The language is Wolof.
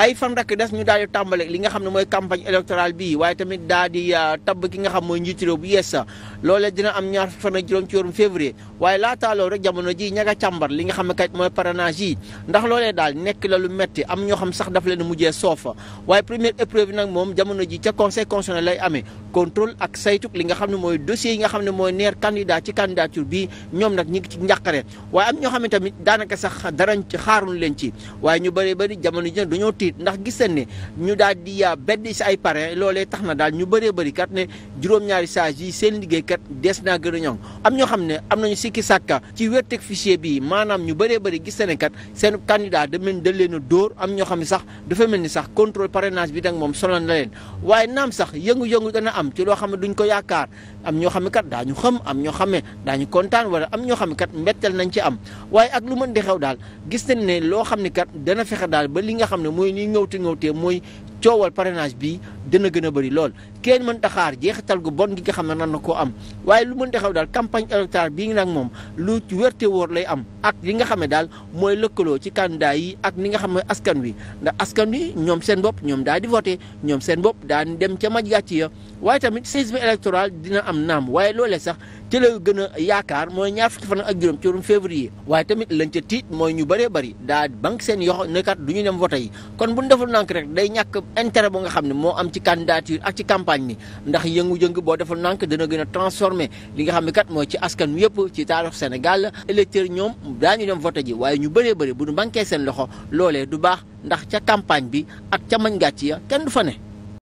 ay fan rek des ñu daal di tàmbale li nga xam ne mooy campagne électorale bii waaye tamit daal di euh, tabb ki nga xam mooy njiitu réew bu yees loolee dina am ñaar fan ak juróom ci weeru février waaye laataaloo rek jamono ji ña nga li nga xam ne mooy parrainage yi ndax loolee daal nekk la lu metti am ñoo xam sax dafa leen mujjee soofa waaye première épreuve nag moom jamono ji ca conseil constitutionnel lay amee contrôle ak saytuk li nga xam ne mooy dossier yi nga xam ne mooy neer candidat ci candidature bi ñoom nag ñi ngi ci njàqare waaye am ñoo xam ne tamit daanaka sax darañ xaarul leen ci waaye ñu bëri bëri jamono ji nag dañoo tiit tiit ndax gis nañ ne ñu daal di bedd si ay parrain loolee tax na daal ñu bëree bëri kat ne juróom-ñaari sages yi seen liggéey kat des na gën a ñoŋ ñoo xam ne am nañu sikki sàkka ci wérteg fichier bi maanaam ñu bëree bëri gis nañ ne kat seen candidat da mel da leen a dóor am ñoo xam ne sax dafa mel ni sax contrôle parrainage bi dang moom sonal na leen waaye naam sax yëngu-yëngu am ci loo xam ne duñ ko yaakaar am ñoo xam ne kat daañu xam am ñoo xam ne daañu kontaan wala am ñoo xam ne kat mbettel ci am waaye ak lu mën dana fexe daal ba nga xam ne mooy ñuy ŋawte ŋawtee mooy coowal parrainage bi dina gën a bëri lool kenn mënta xaar jeexital gu bon gi nga xam ne nan na koo am waaye lu mënta xew daal campagne électorale bii ngi nag moom lu wérte wóor lay am ak li nga xam ne daal mooy lëkkaloo ci candidat yi ak li nga xam ne askan wi ndax askan wi ñoom seen bopp ñoom daal di voté ñoom seen bopp daan dem ca maj gàcc ya waaye tamit séisme électoral dina am naam waaye loolee sax ci la gën a yaakaar mooy ñaar fukki fan ak juróom ci weeru février waaye tamit lañ ca tiit mooy ñu bëree bëri campagne ni ndax yëngu-yëngu boo deful nànk dina gën a transformé li nga xam ne kat mooy ci askan yëpp ci taarix Sénégal électeur ñoom ñu dem voté ji waaye ñu bëree bëri bu ñu banquee seen loxo loolee du baax ndax ca campagne bi ak ca mañ gàcc ya kenn du fa ne